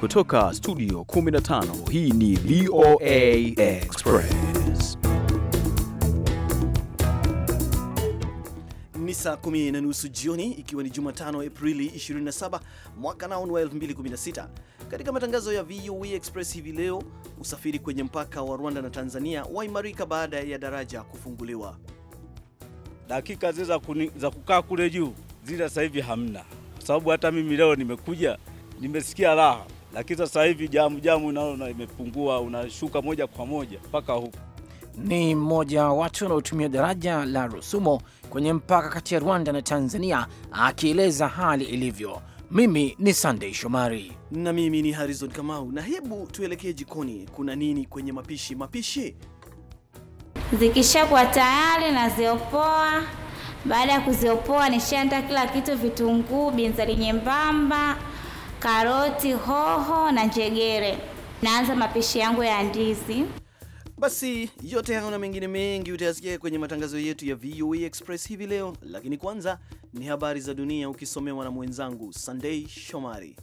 Kutoka studio 15 hii ni VOA Express. Ni saa kumi na nusu jioni ikiwa ni Jumatano Aprili 27 mwaka nao ni wa 2016. Katika matangazo ya VOA Express hivi leo, usafiri kwenye mpaka wa Rwanda na Tanzania waimarika baada ya daraja kufunguliwa. Dakika zile za kukaa kule juu zile sasa hivi hamna, kwa sababu hata mimi leo nimekuja nimesikia raha lakini sasa hivi jamu jamu naona imepungua, unashuka moja kwa moja mpaka huku Ni mmoja wa watu wanaotumia daraja la Rusumo kwenye mpaka kati ya Rwanda na Tanzania akieleza hali ilivyo. Mimi ni sandey Shomari na mimi ni Harrison Kamau, na hebu tuelekee jikoni. Kuna nini kwenye mapishi? Mapishi zikishakuwa tayari naziopoa. Baada ya kuziopoa, nishaenda kila kitu: vitunguu, binzari nyembamba karoti, hoho na njegere. Naanza mapishi yangu ya ndizi. Basi yote hayo na mengine mengi utayasikia kwenye matangazo yetu ya VOA Express hivi leo, lakini kwanza ni habari za dunia ukisomewa na mwenzangu Sunday Shomari.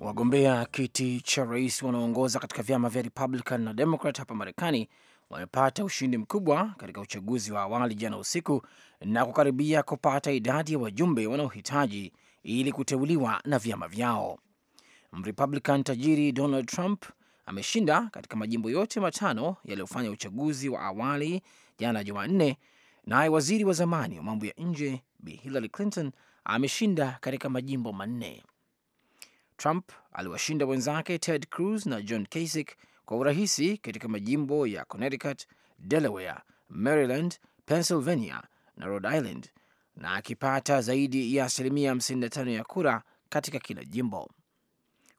Wagombea kiti cha rais wanaoongoza katika vyama vya Republican na Democrat hapa Marekani wamepata ushindi mkubwa katika uchaguzi wa awali jana usiku na kukaribia kupata idadi ya wajumbe wanaohitaji ili kuteuliwa na vyama vyao. Mrepublican tajiri Donald Trump ameshinda katika majimbo yote matano yaliyofanya uchaguzi wa awali jana Jumanne, naye waziri wa zamani wa mambo ya nje Bi Hillary Clinton ameshinda katika majimbo manne. Trump aliwashinda wenzake Ted Cruz na John Kasich kwa urahisi katika majimbo ya Connecticut, Delaware, Maryland, Pennsylvania na Rhode Island na akipata zaidi ya asilimia 55 ya kura katika kila jimbo.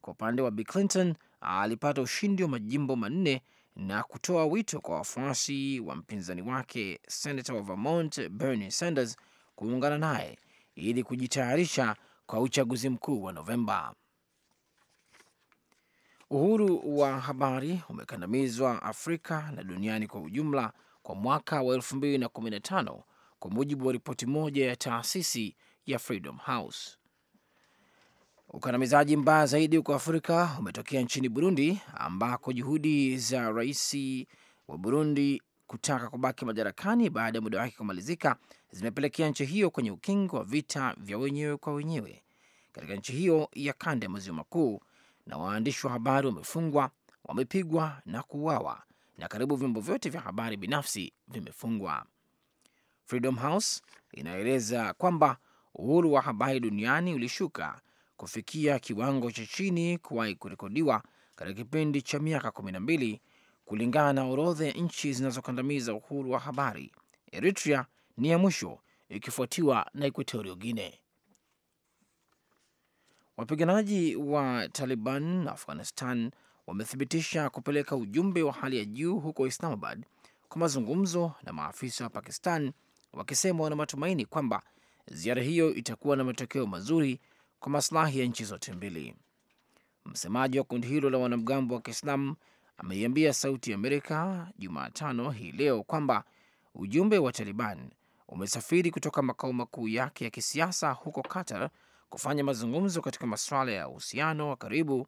Kwa upande wa Bill Clinton alipata ushindi wa majimbo manne na kutoa wito kwa wafuasi wa mpinzani wake senator wa Vermont Bernie Sanders kuungana naye ili kujitayarisha kwa uchaguzi mkuu wa Novemba. Uhuru wa habari umekandamizwa Afrika na duniani kwa ujumla kwa mwaka wa 2015 kwa mujibu wa ripoti moja ya taasisi ya Freedom House. Ukandamizaji mbaya zaidi huko Afrika umetokea nchini Burundi, ambako juhudi za rais wa Burundi kutaka kubaki madarakani baada ya muda wake kumalizika zimepelekea nchi hiyo kwenye ukingo wa vita vya wenyewe kwa wenyewe katika nchi hiyo ya kanda ya maziwa makuu na waandishi wa habari wamefungwa, wamepigwa na kuuawa, na karibu vyombo vyote vya habari binafsi vimefungwa. Freedom House inaeleza kwamba uhuru wa habari duniani ulishuka kufikia kiwango cha chini kuwahi kurekodiwa katika kipindi cha miaka kumi na mbili, kulingana na orodha ya nchi zinazokandamiza uhuru wa habari. Eritrea ni ya mwisho ikifuatiwa na Equatorio Guine. Wapiganaji wa Taliban Afghanistan wamethibitisha kupeleka ujumbe wa hali ya juu huko Islamabad kwa mazungumzo na maafisa wa Pakistan, wakisema wana matumaini kwamba ziara hiyo itakuwa na matokeo mazuri kwa maslahi ya nchi zote mbili. Msemaji wa kundi hilo la wanamgambo wa Kiislamu ameiambia Sauti ya Amerika Jumatano hii leo kwamba ujumbe wa Taliban umesafiri kutoka makao makuu yake ya kisiasa huko Qatar kufanya mazungumzo katika masuala ya uhusiano wa karibu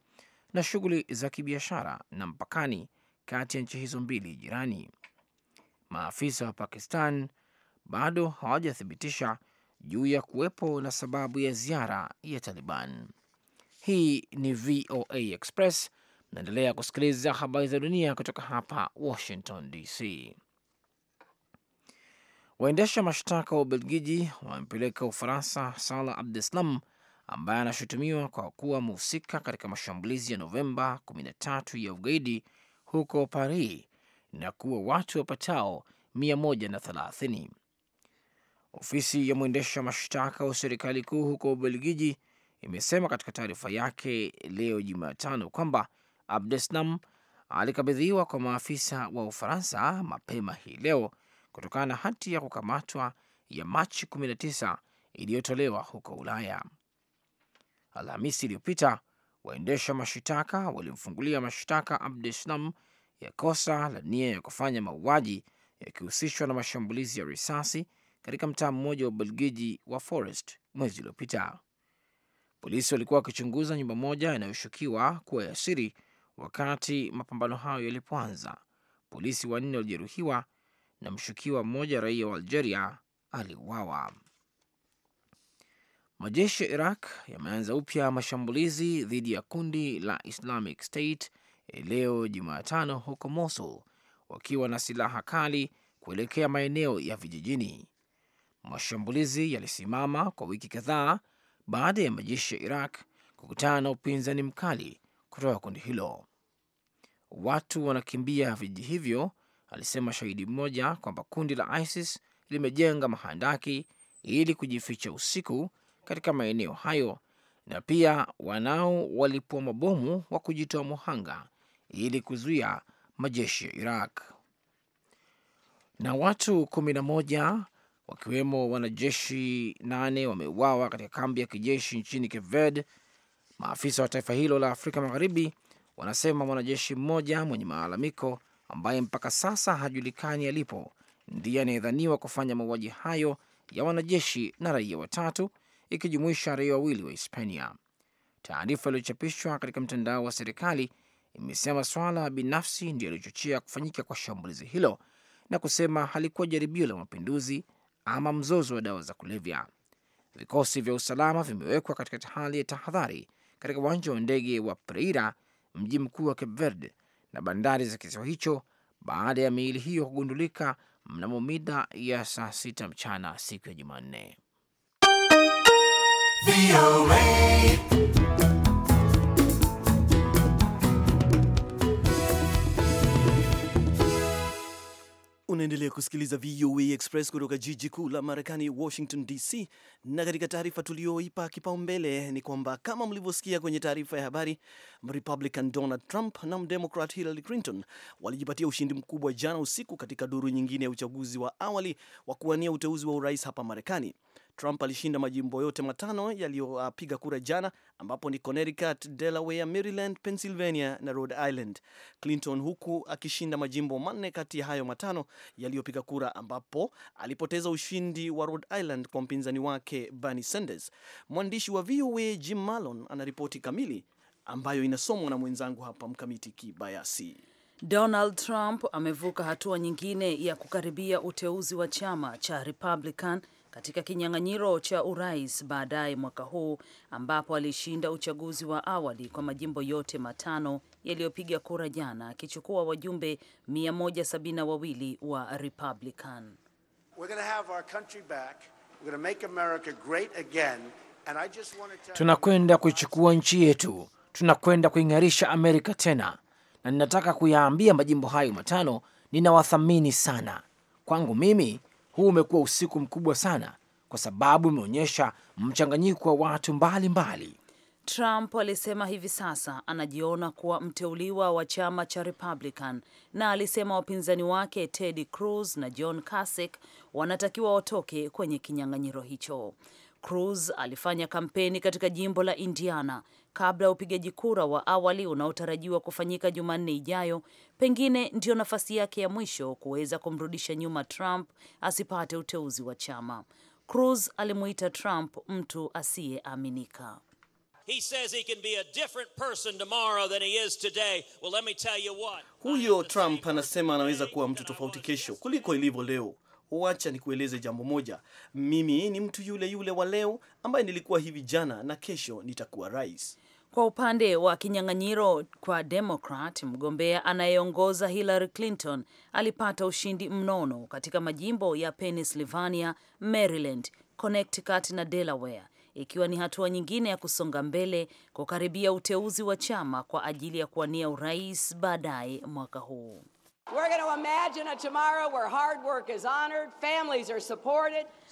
na shughuli za kibiashara na mpakani kati ya nchi hizo mbili jirani. Maafisa wa Pakistan bado hawajathibitisha juu ya kuwepo na sababu ya ziara ya Taliban. Hii ni VOA Express, mnaendelea kusikiliza habari za dunia kutoka hapa Washington DC. Waendesha mashtaka wa Ubelgiji wamepeleka Ufaransa Salah Abdeslam ambaye anashutumiwa kwa kuwa mhusika katika mashambulizi ya Novemba 13 ya ugaidi huko Paris na kuwa watu wapatao 130. Ofisi ya mwendesha mashtaka wa serikali kuu huko Ubelgiji imesema katika taarifa yake leo Jumatano kwamba Abdeslam alikabidhiwa kwa maafisa wa Ufaransa mapema hii leo kutokana na hati ya kukamatwa ya Machi 19 iliyotolewa huko Ulaya. Alhamisi iliyopita waendesha mashitaka walimfungulia mashtaka Abdeslam ya kosa la nia ya kufanya mauaji yakihusishwa na mashambulizi ya risasi katika mtaa mmoja wa Ubelgiji wa Forest mwezi uliopita. Polisi walikuwa wakichunguza nyumba moja inayoshukiwa kuwa ya siri wakati mapambano hayo yalipoanza. Polisi wanne walijeruhiwa na mshukiwa mmoja, raia wa Algeria, aliuawa. Majeshi ya Iraq yameanza upya mashambulizi dhidi ya kundi la Islamic State leo Jumatano huko Mosul, wakiwa na silaha kali kuelekea maeneo ya vijijini. Mashambulizi yalisimama kwa wiki kadhaa baada ya majeshi ya Iraq kukutana na upinzani mkali kutoka kundi hilo. Watu wanakimbia vijiji hivyo, alisema shahidi mmoja, kwamba kundi la ISIS limejenga mahandaki ili kujificha usiku katika maeneo hayo na pia wanao walipua mabomu wa kujitoa muhanga ili kuzuia majeshi ya Iraq. Na watu kumi na moja wakiwemo wanajeshi nane wameuawa katika kambi ya kijeshi nchini Cape Verde. Maafisa wa taifa hilo la Afrika Magharibi wanasema mwanajeshi mmoja mwenye malalamiko ambaye mpaka sasa hajulikani alipo ndiye anayedhaniwa kufanya mauaji hayo ya wanajeshi na raia watatu ikijumuisha raia wawili wa Hispania. Taarifa iliyochapishwa katika mtandao wa serikali imesema swala binafsi ndio yaliyochochea kufanyika kwa shambulizi hilo na kusema halikuwa jaribio la mapinduzi ama mzozo wa dawa za kulevya. Vikosi vya usalama vimewekwa katika hali ya tahadhari katika uwanja wa ndege wa Preira, mji mkuu wa Cape Verde na bandari za kisiwa hicho baada ya miili hiyo kugundulika mnamo mida ya saa sita mchana siku ya Jumanne. Unaendelea kusikiliza VOA Express kutoka jiji kuu la Marekani, Washington DC. Na katika taarifa tuliyoipa kipaumbele ni kwamba kama mlivyosikia kwenye taarifa ya habari, Republican Donald Trump na Mdemocrat Hillary Clinton walijipatia ushindi mkubwa jana usiku katika duru nyingine ya uchaguzi wa awali wa kuwania uteuzi wa urais hapa Marekani. Trump alishinda majimbo yote matano yaliyopiga kura jana, ambapo ni Connecticut, Delaware, Maryland, Pennsylvania na Rhode Island. Clinton huku akishinda majimbo manne kati ya hayo matano yaliyopiga kura, ambapo alipoteza ushindi wa Rhode Island kwa mpinzani wake Bernie Sanders. Mwandishi wa VOA Jim Malone anaripoti kamili ambayo inasomwa na mwenzangu hapa Mkamiti Kibayasi. Donald Trump amevuka hatua nyingine ya kukaribia uteuzi wa chama cha Republican katika kinyang'anyiro cha urais baadaye mwaka huu ambapo alishinda uchaguzi wa awali kwa majimbo yote matano yaliyopiga kura jana akichukua wajumbe 172 wa Republican. Tunakwenda kuichukua nchi yetu, tunakwenda kuing'arisha Amerika tena, na ninataka kuyaambia majimbo hayo matano, ninawathamini sana. Kwangu mimi huu umekuwa usiku mkubwa sana kwa sababu umeonyesha mchanganyiko wa watu mbalimbali mbali. Trump alisema hivi sasa anajiona kuwa mteuliwa wa chama cha Republican na alisema wapinzani wake Ted Cruz na John Kasich wanatakiwa watoke kwenye kinyang'anyiro hicho. Cruz alifanya kampeni katika jimbo la Indiana kabla ya upigaji kura wa awali unaotarajiwa kufanyika Jumanne ijayo, pengine ndiyo nafasi yake ya mwisho kuweza kumrudisha nyuma Trump asipate uteuzi wa chama. Cruz alimuita Trump mtu asiyeaminika. Huyo Trump anasema anaweza kuwa mtu tofauti kesho kuliko ilivyo leo. Wacha nikueleze jambo moja, mimi ni mtu yule yule wa leo ambaye nilikuwa hivi jana, na kesho nitakuwa rais. Kwa upande wa kinyang'anyiro kwa demokrat mgombea anayeongoza Hillary Clinton alipata ushindi mnono katika majimbo ya Pennsylvania, Maryland, Connecticut na Delaware, ikiwa ni hatua nyingine ya kusonga mbele kukaribia uteuzi wa chama kwa ajili ya kuwania urais baadaye mwaka huu.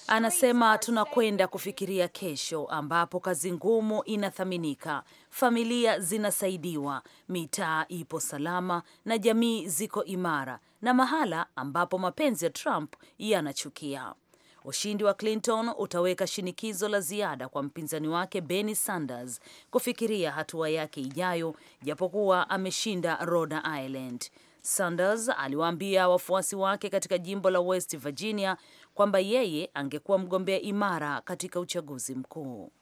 Anasema tunakwenda kufikiria kesho ambapo kazi ngumu inathaminika, familia zinasaidiwa, mitaa ipo salama na jamii ziko imara, na mahala ambapo mapenzi ya Trump yanachukia. Ushindi wa Clinton utaweka shinikizo la ziada kwa mpinzani wake Bernie Sanders kufikiria hatua yake ijayo, japokuwa ameshinda Rhode Island. Sanders aliwaambia wafuasi wake katika jimbo la West Virginia kwamba yeye angekuwa mgombea imara katika uchaguzi mkuu.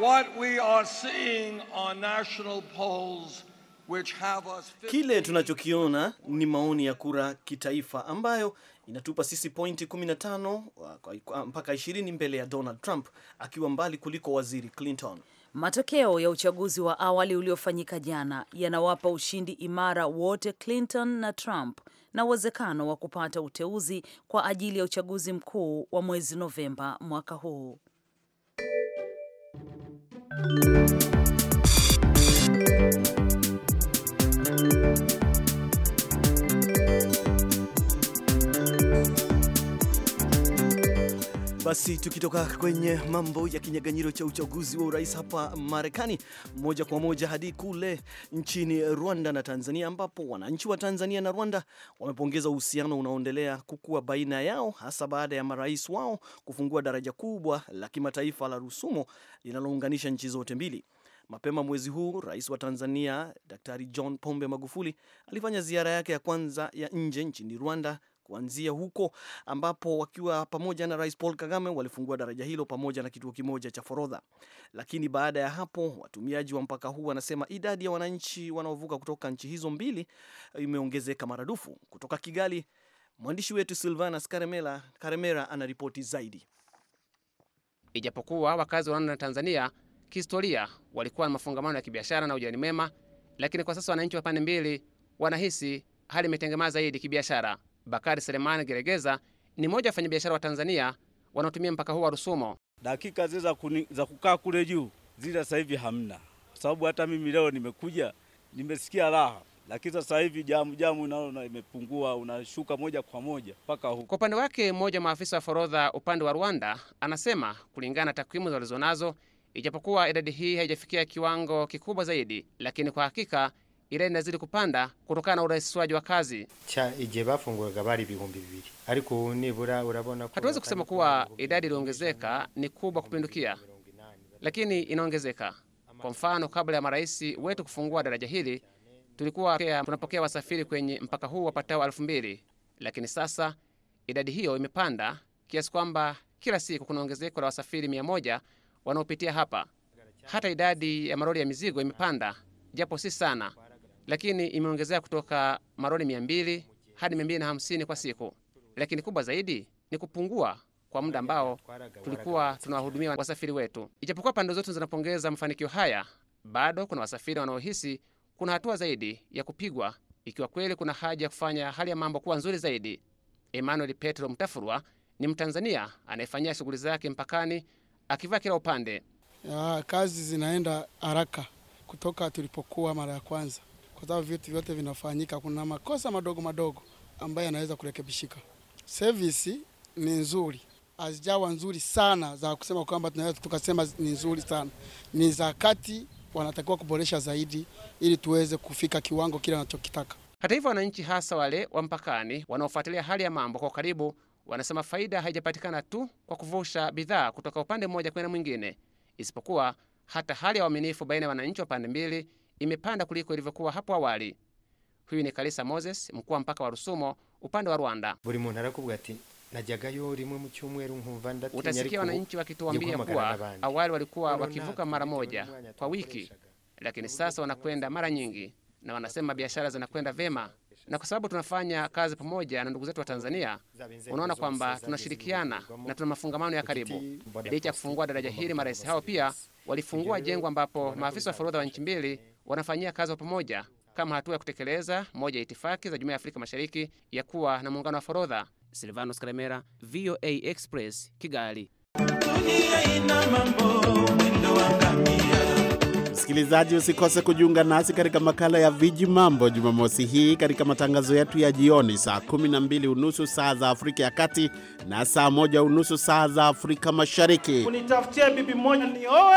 What we are seeing on national polls which have us... Kile tunachokiona ni maoni ya kura kitaifa ambayo inatupa sisi pointi 15 uh, mpaka 20 mbele ya Donald Trump akiwa mbali kuliko Waziri Clinton. Matokeo ya uchaguzi wa awali uliofanyika jana yanawapa ushindi imara wote Clinton na Trump na uwezekano wa kupata uteuzi kwa ajili ya uchaguzi mkuu wa mwezi Novemba mwaka huu. Basi tukitoka kwenye mambo ya kinyaganyiro cha uchaguzi wa urais hapa Marekani, moja kwa moja hadi kule nchini Rwanda na Tanzania, ambapo wananchi wa Tanzania na Rwanda wamepongeza uhusiano unaoendelea kukua baina yao, hasa baada ya marais wao kufungua daraja kubwa la kimataifa la Rusumo linalounganisha nchi zote mbili. Mapema mwezi huu rais wa Tanzania Daktari John Pombe Magufuli alifanya ziara yake ya kwanza ya nje nchini Rwanda kuanzia huko ambapo wakiwa pamoja na Rais Paul Kagame walifungua daraja hilo pamoja na kituo kimoja cha forodha. Lakini baada ya hapo, watumiaji wa mpaka huu wanasema idadi ya wananchi wanaovuka kutoka nchi hizo mbili eh, imeongezeka maradufu. Kutoka Kigali, mwandishi wetu Silvanas Karemera, Karemera anaripoti zaidi. Ijapokuwa wakazi wa Rwanda na Tanzania kihistoria walikuwa na mafungamano ya kibiashara na ujirani mwema, lakini kwa sasa wananchi wa pande mbili wanahisi hali imetengemaa zaidi kibiashara. Bakari Selemani Geregeza ni mmoja wa wafanyabiashara wa Tanzania wanaotumia mpaka huu wa Rusumo. Dakika zile za kukaa kule juu zile sasa hivi hamna, kwa sababu hata mimi leo nimekuja nimesikia raha, lakini sasa hivi jamu jamu naona imepungua, unashuka moja kwa moja mpaka huko. Kwa upande wake, mmoja maafisa wa forodha upande wa Rwanda anasema kulingana na takwimu walizonazo, ijapokuwa idadi hii haijafikia kiwango kikubwa zaidi, lakini kwa hakika ira inazidi kupanda kutokana na urahisishwaji wa kazi. Hatuwezi kusema kuwa idadi iliongezeka ni kubwa kupindukia, lakini inaongezeka. Kwa mfano, kabla ya marais wetu kufungua daraja hili tulikuwa tunapokea wasafiri kwenye mpaka huu wapatao elfu mbili, lakini sasa idadi hiyo imepanda kiasi kwamba kila siku kuna ongezeko la wasafiri mia moja wanaopitia hapa. Hata idadi ya malori ya mizigo imepanda, japo si sana lakini imeongezea kutoka maroni mia mbili hadi mia mbili na hamsini kwa siku. Lakini kubwa zaidi ni kupungua kwa muda ambao tulikuwa tunawahudumia wasafiri wetu. Ijapokuwa pande zote zinapongeza mafanikio haya, bado kuna wasafiri wanaohisi kuna hatua zaidi ya kupigwa, ikiwa kweli kuna haja ya kufanya hali ya mambo kuwa nzuri zaidi. Emmanuel Petro Mtafurwa ni Mtanzania anayefanyia shughuli zake mpakani akivaa kila upande. Ya, ah, kazi zinaenda haraka kutoka tulipokuwa mara ya kwanza kwa sababu vitu vyote vinafanyika. Kuna makosa madogo madogo ambayo yanaweza kurekebishika. Service ni nzuri, hazijawa nzuri sana za kusema kwamba tunaweza tukasema ni nzuri sana, ni za kati, wanatakiwa kuboresha zaidi ili tuweze kufika kiwango kile wanachokitaka. Hata hivyo, wananchi hasa wale wa mpakani wanaofuatilia hali ya mambo kwa karibu wanasema faida haijapatikana tu kwa kuvusha bidhaa kutoka upande mmoja kwenda mwingine, isipokuwa hata hali ya uaminifu baina ya wananchi wa pande mbili imepanda kuliko ilivyokuwa hapo awali. Huyu ni Kalisa Moses, mkuu wa mpaka wa Rusumo upande wa Rwanda. buri muntu ati rimwe mu cyumweru nkumva ndatinya. Utasikia wananchi wakituambia kuwa awali walikuwa wakivuka mara moja kwa wiki, lakini sasa wanakwenda mara nyingi, na wanasema biashara zinakwenda vema na kwa sababu tunafanya kazi pamoja na ndugu zetu wa Tanzania, unaona kwamba tunashirikiana na tuna mafungamano ya karibu. Licha ya kufungua daraja hili, marais hao pia walifungua jengo ambapo maafisa wa forodha wa nchi mbili wanafanyia kazi wa pamoja kama hatua ya kutekeleza moja ya itifaki za Jumuiya ya Afrika Mashariki ya kuwa na muungano wa forodha. Silvanos Karemera, VOA Express, Kigali. Msikilizaji, usikose kujiunga nasi katika makala ya Viji Mambo Jumamosi hii katika matangazo yetu ya jioni saa 12 unusu saa za Afrika ya Kati na saa moja unusu saa za Afrika Mashariki. Unitafutie bibi moja nioe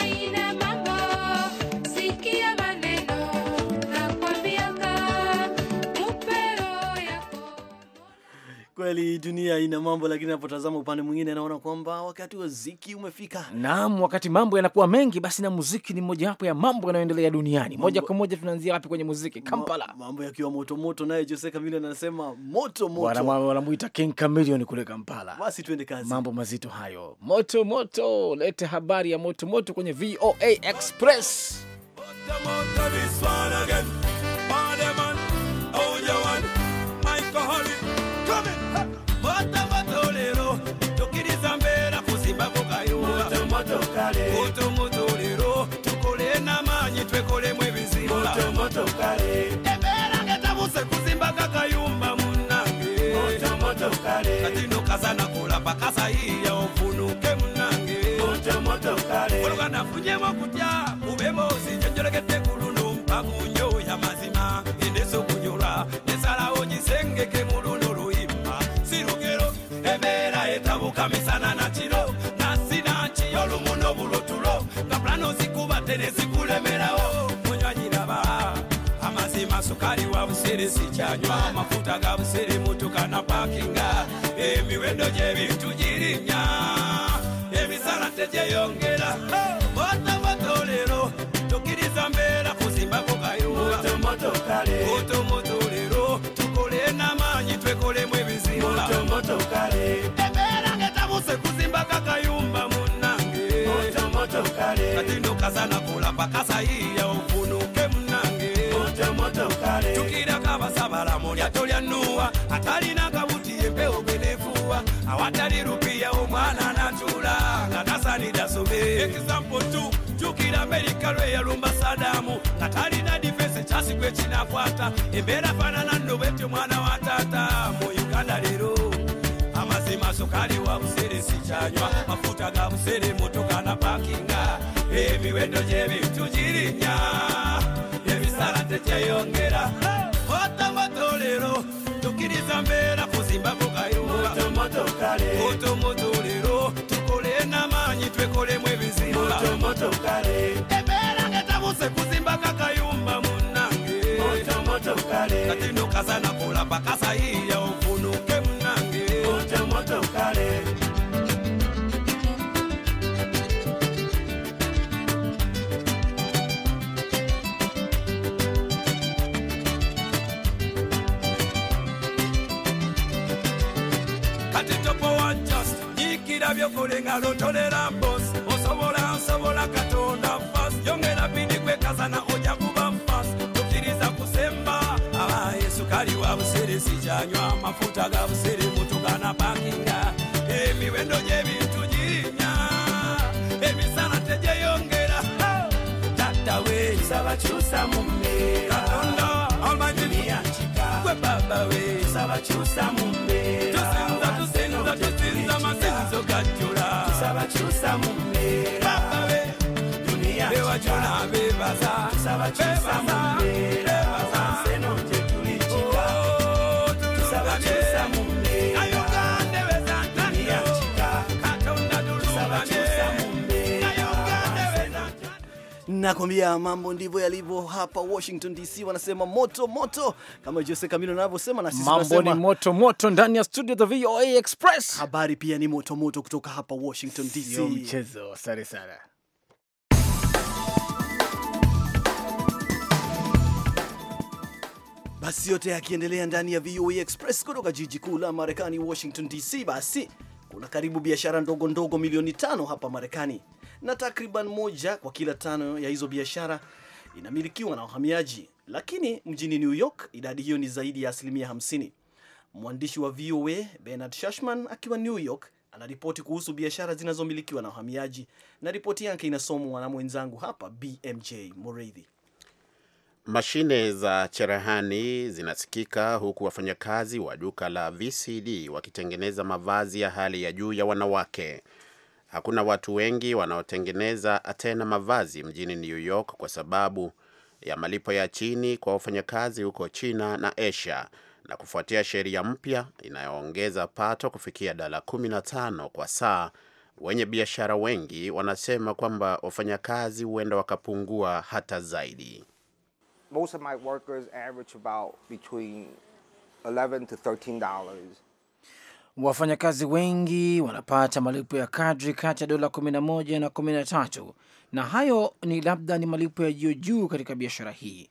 Kweli dunia ina mambo, lakini napotazama upande mwingine naona kwamba wakati wa ziki umefika. Naam, wakati mambo yanakuwa mengi, basi na muziki ni mojawapo ya mambo yanayoendelea duniani mambo. Moja kwa moja tunaanzia wapi kwenye muziki? Kampala, mambo yakiwa moto moto, naye Jose Kamili anasema moto moto, wanamuita King Chameleone kule Kampala. Basi tuende kazi, mambo mazito hayo, moto moto. Lete habari ya moto moto kwenye VOA Express moto, moto, katino kasana kula pakasa iya ofunuke munange oluga nafunyemo kutya kubemo sijenjolekete kuluno mpakunyo ya mazima endeso kunyola nesalawo gisengeke muluno luimba silugero emera etabuka misana na kiro nasina nkiyo lumuno bulutulo nga pulano zikuba tene zikulemerawo munywanyiraba amazima sukali wa busere sijanywa amafuta ga busere pakinga emiwendo gy'ebintu girimya emisala tegyeyongera motomoto tukiriza mbeera kuzimbako kayumbaotomoto tukole n'amaanyi twekolemu ebizimba ebeera ngetabuse kuzimbako akayumba munnange kati nokasana kulamba basabala mu lyato nuwa atalina kabuti empewo benefuwa awatali lupiya omwana anatula nga tasanidda sobe example 2 jukira amerika lwe yalumba sadamu nga talina difensi kyasi gwe kinakwata embeera faanana nno bwetyo mwana wa tata mu uganda leero amazima sukali wa busere sikyanywa mafuta ga busere motoka na pakinga emiwendo gy'ebintu girinya ebisala tekyeyongera bakasa na kula bakasa iya y ufunuke mnange ute moto ukale kati topowa just nyikira byokolenga lotolera mbosi osobola nsobola katonda sikyanywa amafuta ga busirimu tugana pakinga emiwendo eh, gy'ebintu girinya emisana eh, tegyeyongera tattawe sabakyusa mu mbeera katonda almanyiyankiga gwe baba we sabakyusa mu mbeera tusinza tusinza tusinza amasinzo gajjula tusabakyusa mu mbeera baba we duniya bewajula bebaza bebaza Nakwambia mambo ndivyo yalivyo hapa Washington DC, wanasema moto moto kama Jose Camilo anavyosema, na sisi mambo ni moto moto ndani ya studio the VOA Express. Habari pia ni moto moto kutoka hapa Washington DC, sio mchezo. Asante sana. Basi yote yakiendelea ndani ya VOA Express kutoka jiji kuu la Marekani, Washington DC. Basi kuna karibu biashara ndogo ndogo milioni tano hapa Marekani na takriban moja kwa kila tano ya hizo biashara inamilikiwa na wahamiaji, lakini mjini New York idadi hiyo ni zaidi ya asilimia 50. Mwandishi wa VOA Bernard Shashman akiwa New York anaripoti kuhusu biashara zinazomilikiwa na wahamiaji, na ripoti yake inasomwa na mwenzangu hapa BMJ moreidhi Mashine za cherehani zinasikika huku wafanyakazi wa duka la VCD wakitengeneza mavazi ya hali ya juu ya wanawake. Hakuna watu wengi wanaotengeneza tena mavazi mjini New York kwa sababu ya malipo ya chini kwa wafanyakazi huko China na Asia na kufuatia sheria mpya inayoongeza pato kufikia dola 15 kwa saa. Wenye biashara wengi wanasema kwamba wafanyakazi huenda wakapungua hata zaidi. Most of my workers average about between 11 to 13 dollars Wafanyakazi wengi wanapata malipo ya kadri kati ya dola 11 na 13, na hayo ni labda ni malipo ya juu juu katika biashara hii.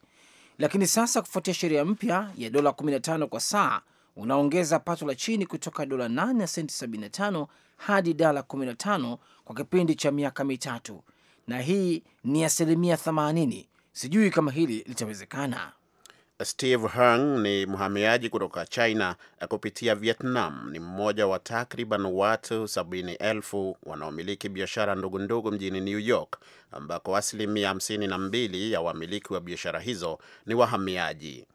Lakini sasa kufuatia sheria mpya ya dola 15 kwa saa, unaongeza pato la chini kutoka dola 8 na senti 75 hadi dala 15 kwa kipindi cha miaka mitatu, na hii ni asilimia 80. Sijui kama hili litawezekana. Steve Hung ni mhamiaji kutoka China eh, kupitia Vietnam. Ni mmoja wa takriban watu sabini elfu wanaomiliki biashara ndogondogo mjini New York, ambako asilimia hamsini na mbili ya wamiliki wa biashara hizo ni wahamiaji.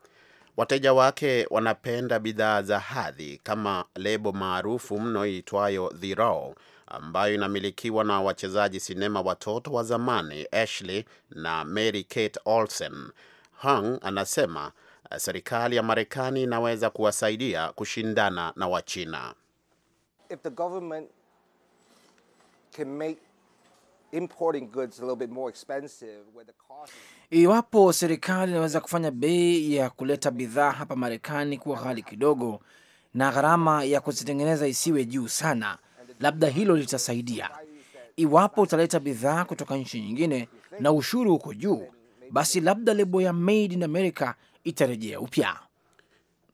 Wateja wake wanapenda bidhaa za hadhi kama lebo maarufu mno iitwayo The Raw ambayo inamilikiwa na wachezaji sinema watoto wa zamani Ashley na Mary Kate Olsen Hung anasema eh, serikali ya Marekani inaweza kuwasaidia kushindana na Wachina. If the government can make importing goods a little bit more expensive where the cost... Iwapo serikali inaweza kufanya bei ya kuleta bidhaa hapa Marekani kuwa ghali kidogo na gharama ya kuzitengeneza isiwe juu sana, labda hilo litasaidia. Iwapo utaleta bidhaa kutoka nchi nyingine na ushuru uko juu, basi labda lebo ya Made in America itarejea upya.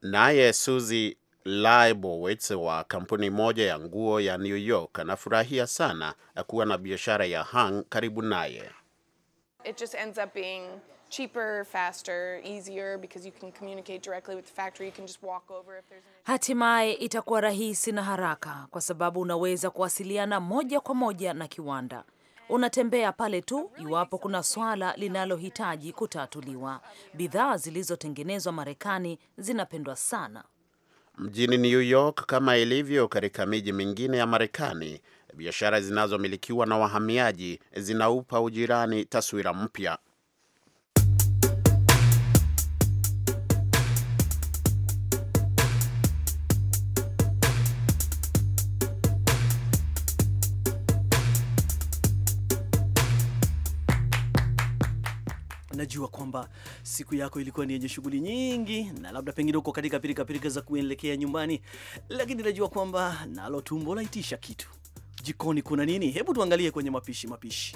Naye suzi Leibowitz wa kampuni moja ya nguo ya New York anafurahia sana kuwa na biashara ya Hang karibu naye. It just ends up being cheaper, faster, easier because you can communicate directly with the factory. You can just walk over if there's an... Hatimaye itakuwa rahisi na haraka kwa sababu unaweza kuwasiliana moja kwa moja na kiwanda unatembea pale tu iwapo kuna swala linalohitaji kutatuliwa. Bidhaa zilizotengenezwa Marekani zinapendwa sana. Mjini New York, kama ilivyo katika miji mingine ya Marekani, biashara zinazomilikiwa na wahamiaji zinaupa ujirani taswira mpya. najua kwamba siku yako ilikuwa ni yenye shughuli nyingi, na labda pengine uko katika pirika za kuelekea nyumbani, lakini najua kwamba nalo tumbo laitisha kitu. Jikoni kuna nini? Hebu tuangalie kwenye mapishi mapishi.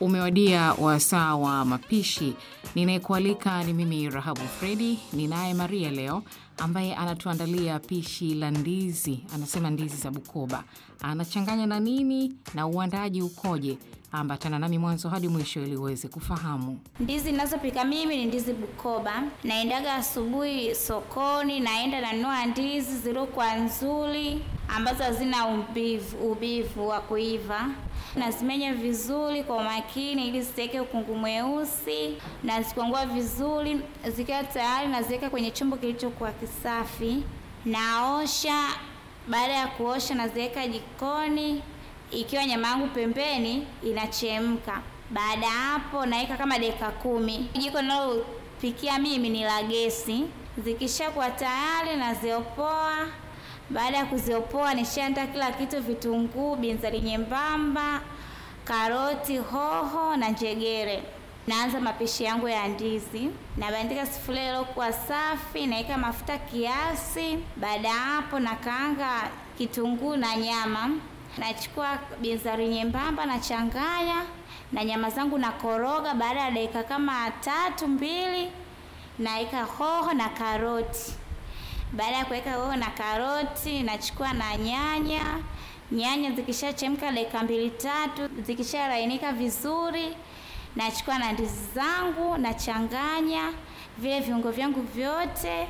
Umewadia wasaa wa mapishi. Ninayekualika ni mimi Rahabu Fredi, ninaye Maria leo ambaye anatuandalia pishi la ndizi. Anasema ndizi za Bukoba anachanganya na nini na uandaji ukoje? Ambatana nami mwanzo hadi mwisho ili uweze kufahamu. Ndizi ninazopika mimi ni ndizi Bukoba. Naendaga asubuhi sokoni, naenda nanua ndizi zilizokuwa nzuri ambazo hazina ubivu, ubivu wa kuiva nazimenya vizuri kwa umakini ili ziteke ukungu mweusi, nazikwangua vizuri. Zikiwa tayari, naziweka kwenye chombo kilichokuwa kisafi, naosha. Baada ya kuosha, naziweka jikoni ikiwa nyama yangu pembeni inachemka. Baada ya hapo naweka kama dakika kumi. Jiko nalopikia mimi ni la gesi. Zikishakuwa tayari naziopoa. Baada ya kuziopoa, nishaandaa kila kitu: vitunguu, binzari nyembamba, karoti, hoho na njegere. Naanza mapishi yangu ya ndizi. Nabandika sufuria iliyokuwa safi, naweka mafuta kiasi. Baada ya hapo, nakaanga kitunguu na nyama nachukua bizari nyembamba nachanganya na nyama zangu na koroga Baada ya dakika kama tatu mbili, naweka hoho na karoti. Baada ya kuweka hoho na karoti, nachukua na nyanya. Nyanya zikishachemka dakika mbili tatu, zikishalainika vizuri, nachukua na ndizi zangu nachanganya vile viungo vyangu vyote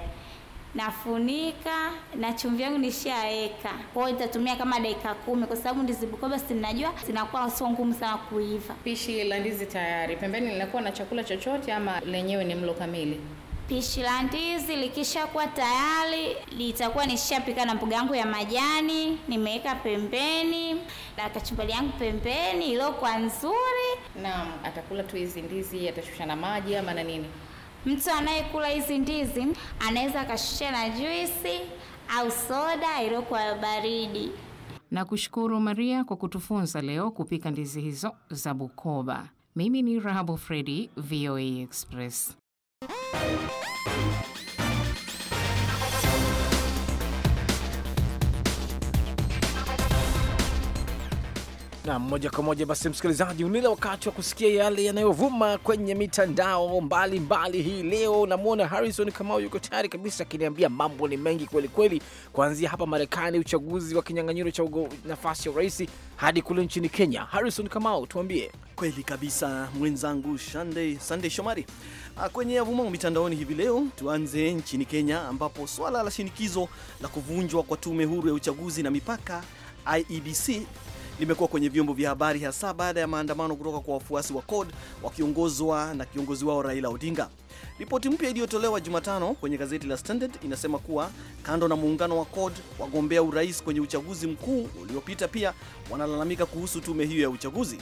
nafunika na chumvi yangu nishaeka, kwa hiyo itatumia kama dakika kumi kwa sababu ndizi Bukoba si najua zinakuwa sio ngumu sana kuiva. Pishi la ndizi tayari. Pembeni linakuwa na chakula chochote ama lenyewe ni mlo kamili? Pishi la ndizi likishakuwa tayari litakuwa nishapika na mboga yangu ya majani nimeweka pembeni na kachumbali yangu pembeni iliyokuwa nzuri. Naam, atakula tu hizi ndizi, atashusha na maji ama na nini? Mtu anayekula hizi ndizi anaweza akashusha na juisi au soda iliyokuwa baridi. Na kushukuru Maria kwa kutufunza leo kupika ndizi hizo za Bukoba. Mimi ni Rahabu Fredi, VOA Express. na moja kwa moja basi, msikilizaji, unile wakati wa kusikia yale yanayovuma kwenye mitandao mbalimbali hii leo. Namwona Harrison Kamau yuko tayari kabisa, akiniambia mambo ni mengi kweli kweli, kuanzia hapa Marekani, uchaguzi wa kinyang'anyiro cha nafasi ya urais hadi kule nchini Kenya. Harrison Kamau, tuambie. Kweli kabisa mwenzangu sandey Shomari. Ah, kwenye yavuma mitandaoni hivi leo, tuanze nchini Kenya ambapo swala la shinikizo la kuvunjwa kwa tume huru ya uchaguzi na mipaka IEBC limekuwa kwenye vyombo vya habari hasa baada ya maandamano kutoka kwa wafuasi wa CORD wakiongozwa na kiongozi wao Raila Odinga. Ripoti mpya iliyotolewa Jumatano kwenye gazeti la Standard inasema kuwa kando na muungano wa CORD, wagombea urais kwenye uchaguzi mkuu uliopita pia wanalalamika kuhusu tume hiyo ya uchaguzi.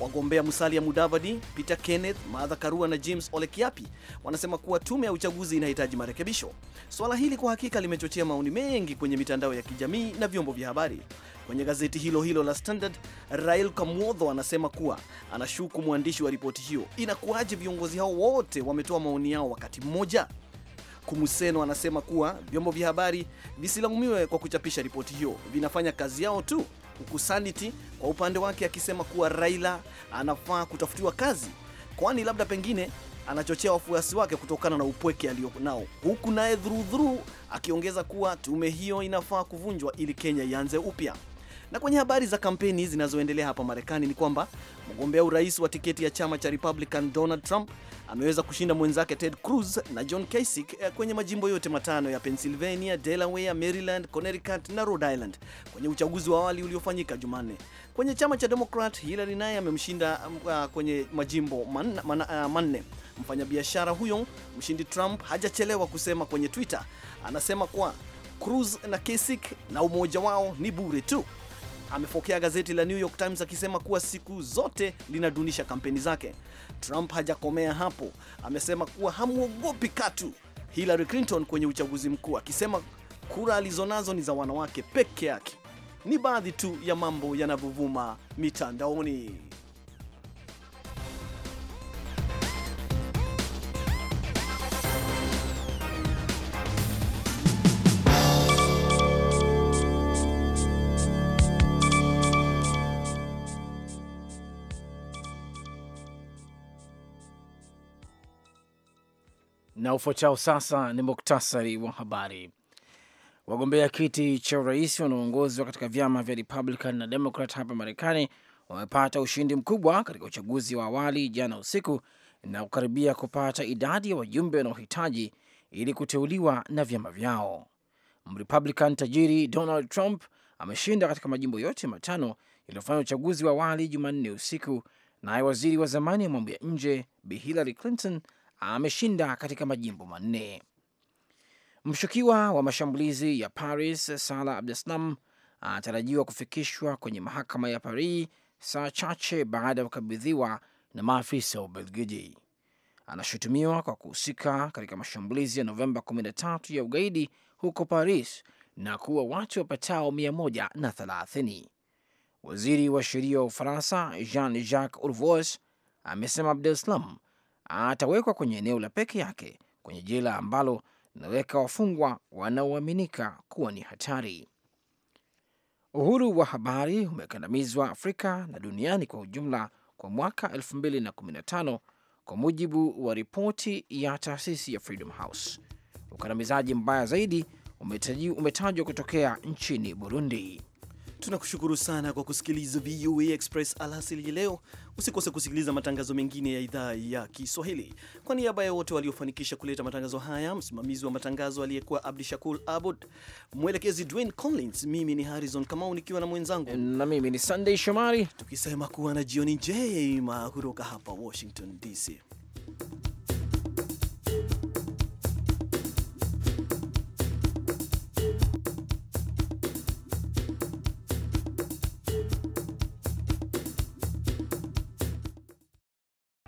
Wagombea Musalia Mudavadi, Peter Kenneth, Martha Karua na James Ole Kiapi wanasema kuwa tume ya uchaguzi inahitaji marekebisho. Swala hili kwa hakika limechochea maoni mengi kwenye mitandao ya kijamii na vyombo vya habari. Kwenye gazeti hilo hilo la Standard, Rael Kamwodho anasema kuwa anashuku mwandishi wa ripoti hiyo. Inakuwaje viongozi hao wote wametoa maoni yao wakati mmoja? Kumuseno anasema kuwa vyombo vya habari visilaumiwe kwa kuchapisha ripoti hiyo, vinafanya kazi yao tu huku Sanity kwa upande wake akisema kuwa Raila anafaa kutafutiwa kazi, kwani labda pengine anachochea wafuasi wake kutokana na upweke alionao, huku naye Dhuru akiongeza kuwa tume hiyo inafaa kuvunjwa ili Kenya ianze upya. Na kwenye habari za kampeni zinazoendelea hapa Marekani ni kwamba mgombea urais wa tiketi ya chama cha Republican Donald Trump ameweza kushinda mwenzake Ted Cruz na John Kasich eh, kwenye majimbo yote matano ya Pennsylvania, Delaware, Maryland, Connecticut na Rhode Island kwenye uchaguzi wa awali uliofanyika Jumanne. Kwenye chama cha Democrat, Hillary naye amemshinda um, uh, kwenye majimbo man, man, uh, manne. Mfanyabiashara huyo mshindi Trump hajachelewa kusema kwenye Twitter, anasema kuwa Cruz na Kasich na umoja wao ni bure tu amepokea gazeti la New York Times akisema kuwa siku zote linadunisha kampeni zake. Trump hajakomea hapo, amesema kuwa hamwogopi katu Hillary Clinton kwenye uchaguzi mkuu, akisema kura alizonazo ni za wanawake peke yake. Ni baadhi tu ya mambo yanavyovuma mitandaoni. Na ufuatao sasa ni muktasari wa habari. Wagombea kiti cha urais wanaoongozwa katika vyama vya Republican na Democrat hapa Marekani wamepata ushindi mkubwa katika uchaguzi wa awali jana usiku na kukaribia kupata idadi ya wa wajumbe wanaohitaji ili kuteuliwa na vyama vyao. Mrepublican tajiri Donald Trump ameshinda katika majimbo yote matano yaliyofanya uchaguzi wa awali Jumanne usiku, naye waziri wa zamani wa mambo ya nje Bi Hillary Clinton ameshinda katika majimbo manne. Mshukiwa wa mashambulizi ya Paris Salah Abdeslam anatarajiwa kufikishwa kwenye mahakama ya Paris saa chache baada ya kukabidhiwa na maafisa wa Ubelgiji. Anashutumiwa kwa kuhusika katika mashambulizi ya Novemba 13 ya ugaidi huko Paris na kuwa watu wapatao 130. Waziri wa sheria wa Ufaransa Jean Jacques Urvos amesema Abdeslam atawekwa kwenye eneo la peke yake kwenye jela ambalo linaweka wafungwa wanaoaminika kuwa ni hatari. Uhuru wa habari umekandamizwa Afrika na duniani kwa ujumla kwa mwaka 2015 kwa mujibu wa ripoti ya taasisi ya Freedom House. Ukandamizaji mbaya zaidi umetajwa kutokea nchini Burundi. Tunakushukuru sana kwa kusikiliza VOA Express alasili leo. Usikose kusikiliza matangazo mengine ya idhaa ya Kiswahili. Kwa niaba ya wote waliofanikisha kuleta matangazo haya, msimamizi wa matangazo aliyekuwa Abdi Shakul Abud, mwelekezi Dwayne Collins, mimi ni Harrison Kamau nikiwa na mwenzangu na mimi ni Sunday Shomari, tukisema kuwa na jioni njema kutoka hapa Washington DC.